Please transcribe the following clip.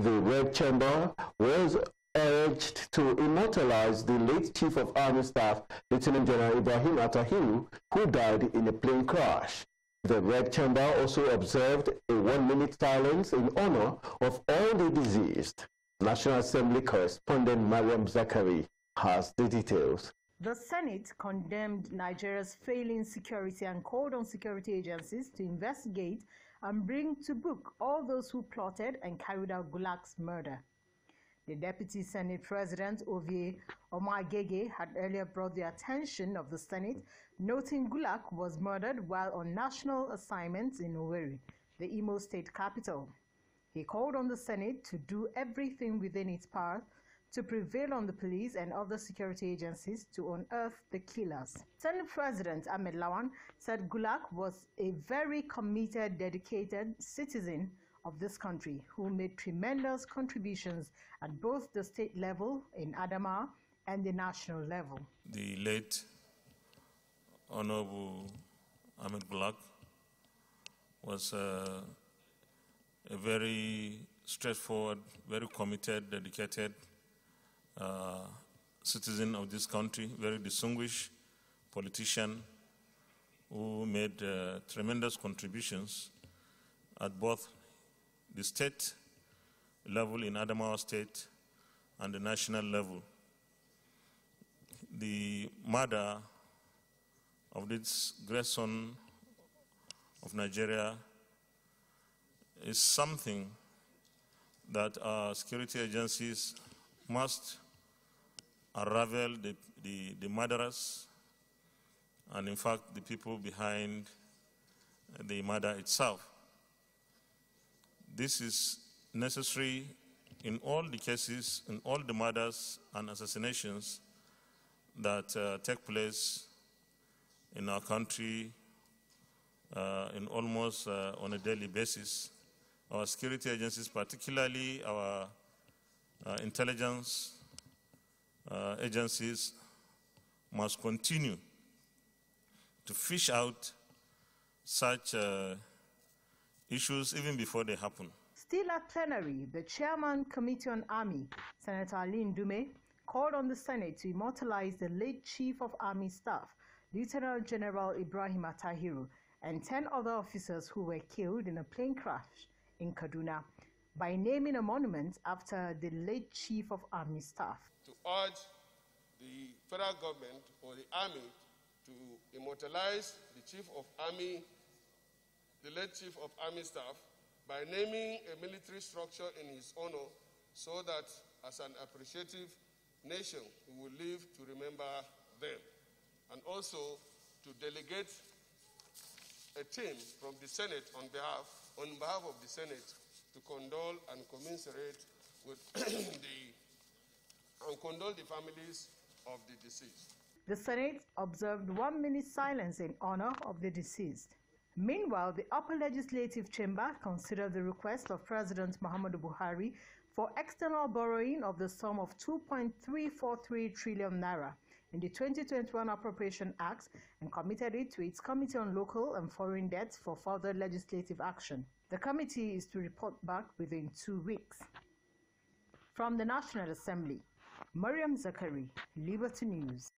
The Red Chamber was urged to immortalize the late Chief of Army Staff, Lieutenant General Ibrahim Atahiru, who died in a plane crash. The Red Chamber also observed a one-minute silence in honor of all the deceased. National Assembly correspondent Mariam Zakari has the details. The Senate condemned Nigeria's failing security and called on security agencies to investigate and bring to book all those who plotted and carried out Gulak's murder. The Deputy Senate President Ovie Omagege had earlier brought the attention of the Senate, noting Gulak was murdered while on national assignments in Owerri, the Imo state capital. He called on the Senate to do everything within its power to prevail on the police and other security agencies to unearth the killers. Senate President Ahmed Lawan said Gulak was a very committed, dedicated citizen of this country who made tremendous contributions at both the state level in Adama and the national level. The late Honorable Ahmed Gulak was a, uh, a very straightforward, very committed, dedicated citizen of this country, very distinguished politician who made uh, tremendous contributions at both the state level in Adamawa State and the national level. The murder of this great son of Nigeria is something that our security agencies must unravel the, the, the murderers and, in fact, the people behind the murder itself. This is necessary in all the cases, in all the murders and assassinations that uh, take place in our country uh, in almost uh, on a daily basis. Our security agencies, particularly our uh, intelligence uh, agencies must continue to fish out such uh, issues even before they happen. Still at plenary, the chairman committee on army, Senator Aline Dume, called on the Senate to immortalize the late Chief of Army Staff, Lieutenant General Ibrahim Atahiru, and 10 other officers who were killed in a plane crash in Kaduna by naming a monument after the late Chief of Army Staff. To urge the federal government or the Army to immortalize the Chief of Army, the late Chief of Army Staff, by naming a military structure in his honor so that as an appreciative nation, we will live to remember them. And also to delegate a team from the Senate on behalf, on behalf of the Senate to condole and commiserate with the and condole the families of the deceased. The Senate observed one minute silence in honor of the deceased. Meanwhile, the upper legislative chamber considered the request of President Muhammadu Buhari for external borrowing of the sum of 2.343 trillion naira in the 2021 Appropriation Act and committed it to its Committee on Local and Foreign Debt for further legislative action. The committee is to report back within two weeks. From the National Assembly, Mariam Zakari, Liberty News.